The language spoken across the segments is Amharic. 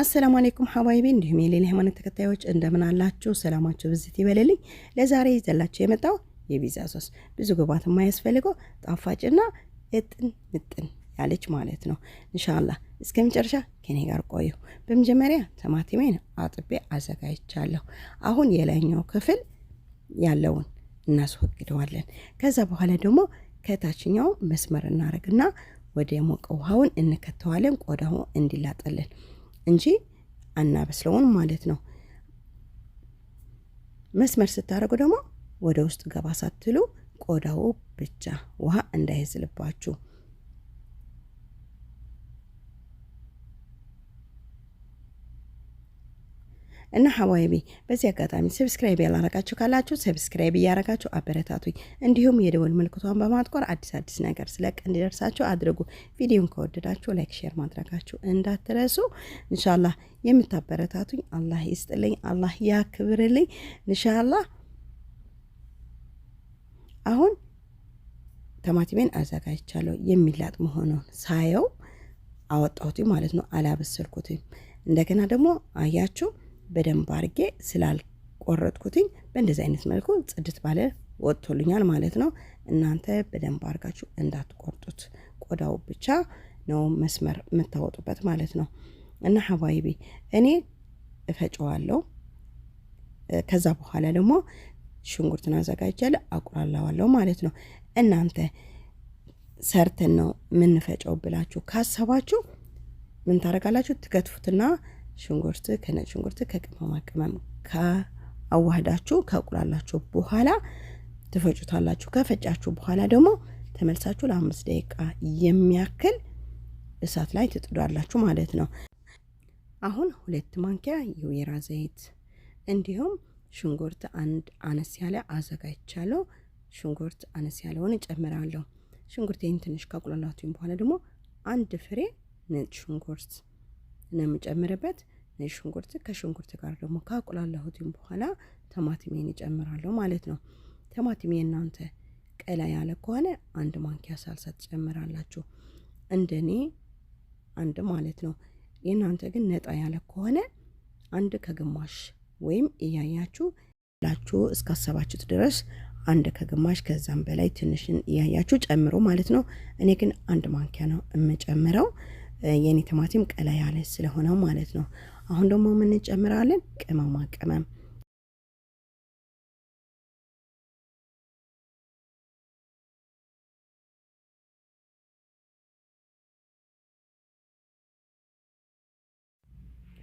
አሰላሙ አሌይኩም ሀባይቤ እንዲሁም የሌላ ሃይማኖት ተከታዮች እንደምን አላችሁ? ሰላማችሁ ብዝት ይበልልኝ። ለዛሬ ይዘላችሁ የመጣው የፒዛ ሶስ ብዙ ግባት የማያስፈልገው ጣፋጭና እጥን ምጥን ያለች ማለት ነው። እንሻላ እስከ መጨረሻ ከኔ ጋር ቆዩ። በመጀመሪያ ተማቲሜን አጥቤ አዘጋጅቻለሁ። አሁን የላይኛው ክፍል ያለውን እናስወግደዋለን። ከዛ በኋላ ደግሞ ከታችኛው መስመር እናደርግና ወደ ሞቀ ውሃውን እንከተዋለን፣ ቆዳው እንዲላጠልን እንጂ አናበስለውን ማለት ነው። መስመር ስታደርጉ ደግሞ ወደ ውስጥ ገባ ሳትሉ ቆዳው ብቻ ውሃ እንዳይዝልባችሁ እና ሀዋይቢ በዚህ አጋጣሚ ሰብስክራይብ ያላረጋችሁ ካላችሁ ሰብስክራይብ እያረጋችሁ አበረታቱኝ። እንዲሁም የደወል ምልክቷን በማጥቆር አዲስ አዲስ ነገር ስለቅ እንዲደርሳችሁ አድርጉ። ቪዲዮን ከወደዳችሁ ላይክ፣ ሼር ማድረጋችሁ እንዳትረሱ። እንሻላ የምታበረታቱኝ አላህ ይስጥልኝ፣ አላህ ያክብርልኝ። እንሻላ አሁን ተማቲሜን አዘጋጅቻለሁ። የሚላጥ መሆኑን ሳየው አወጣሁት ማለት ነው። አላበሰልኩትም። እንደገና ደግሞ አያችሁ በደንብ አርጌ ስላልቆረጥኩትኝ በእንደዚህ አይነት መልኩ ጽድት ባለ ወጥቶልኛል ማለት ነው። እናንተ በደንብ አርጋችሁ እንዳትቆርጡት፣ ቆዳው ብቻ ነው መስመር የምታወጡበት ማለት ነው። እና ሀባይቢ እኔ እፈጨዋለሁ። ከዛ በኋላ ደግሞ ሽንኩርትን አዘጋጃለሁ፣ አቁላላዋለሁ ማለት ነው። እናንተ ሰርተን ነው የምንፈጨው ብላችሁ ካሰባችሁ ምን ታደርጋላችሁ? ትከትፉትና ሽንኩርት ከነጭ ሽንኩርት ከቅመማ ቅመም አዋህዳችሁ ከቁላላችሁ በኋላ ትፈጩታላችሁ። ከፈጫችሁ በኋላ ደግሞ ተመልሳችሁ ለአምስት ደቂቃ የሚያክል እሳት ላይ ትጥዷላችሁ ማለት ነው። አሁን ሁለት ማንኪያ የወይራ ዘይት እንዲሁም ሽንኩርት አንድ አነስ ያለ አዘጋጅቻለሁ። ሽንኩርት አነስ ያለውን እጨምራለሁ። ሽንኩርት ይህን ትንሽ ካቁላላቱኝ በኋላ ደግሞ አንድ ፍሬ ነጭ ሽንኩርት ነው የምጨምርበት። ነጭ ሽንኩርት ከሽንኩርት ጋር ደግሞ ካቁላላሁትም በኋላ ተማትሜን እጨምራለሁ ማለት ነው። ተማትሜ እናንተ ቀላ ያለ ከሆነ አንድ ማንኪያ ሳልሳ ትጨምራላችሁ፣ እንደኔ አንድ ማለት ነው። የእናንተ ግን ነጣ ያለ ከሆነ አንድ ከግማሽ ወይም እያያችሁ ላችሁ እስካሰባችሁት ድረስ አንድ ከግማሽ ከዛም በላይ ትንሽን እያያችሁ ጨምሮ ማለት ነው። እኔ ግን አንድ ማንኪያ ነው የምጨምረው። የኔ ቲማቲም ቀላ ያለ ስለሆነ ማለት ነው። አሁን ደግሞ እንጨምራለን? ቅመማ ቅመም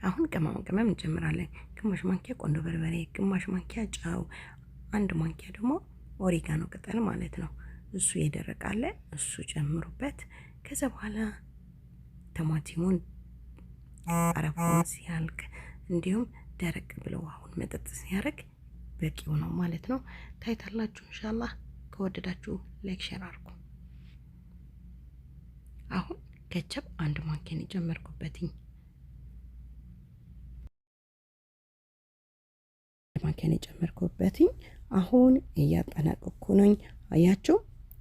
አሁን ቅመማ ቅመም እንጨምራለን። ግማሽ ማንኪያ ቆንዶ በርበሬ፣ ግማሽ ማንኪያ ጨው፣ አንድ ማንኪያ ደግሞ ኦሪጋኖ ቅጠል ማለት ነው። እሱ የደረቃለ እሱ ጨምሩበት። ከዛ በኋላ ቲማቲሙን አረፋ ሲያልቅ እንዲሁም ደረቅ ብለው አሁን መጠጥ ሲያደርግ በቂው ነው ማለት ነው። ታይታላችሁ። እንሻላህ ከወደዳችሁ ላይክ ሼር አድርጉ። አሁን ከቸብ አንድ ማንኪያን የጨመርኩበትኝ ማንኪያን የጨመርኩበትኝ አሁን እያጠናቀኩ ነኝ። አያችሁ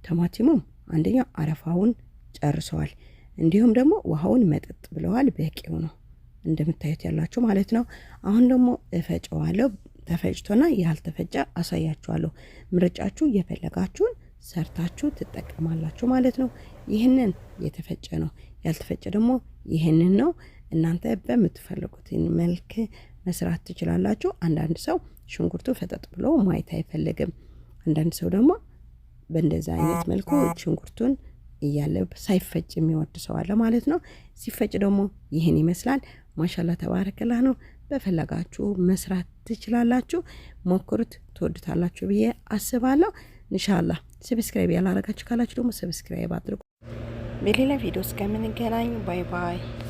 ቲማቲሙም አንደኛው አረፋውን ጨርሰዋል። እንዲሁም ደግሞ ውሃውን መጠጥ ብለዋል። በቂው ነው እንደምታዩት ያላችሁ ማለት ነው። አሁን ደግሞ እፈጨዋለሁ። ተፈጭቶና ያልተፈጨ አሳያችኋለሁ። ምርጫችሁ የፈለጋችሁን ሰርታችሁ ትጠቀማላችሁ ማለት ነው። ይህንን የተፈጨ ነው፣ ያልተፈጨ ደግሞ ይህንን ነው። እናንተ በምትፈልጉት መልክ መስራት ትችላላችሁ። አንዳንድ ሰው ሽንኩርቱ ፈጠጥ ብሎ ማየት አይፈልግም። አንዳንድ ሰው ደግሞ በእንደዚ አይነት መልኩ ሽንኩርቱን እያለ ሳይፈጭ የሚወድ ሰው አለ ማለት ነው። ሲፈጭ ደግሞ ይህን ይመስላል። ማሻላ ተባረክላ ነው። በፈለጋችሁ መስራት ትችላላችሁ። ሞክሩት፣ ትወዱታላችሁ ብዬ አስባለሁ። እንሻላ ሰብስክራይብ ያላረጋችሁ ካላችሁ ደግሞ ሰብስክራይብ አድርጉ። በሌላ ቪዲዮ እስከምንገናኝ ባይ ባይ።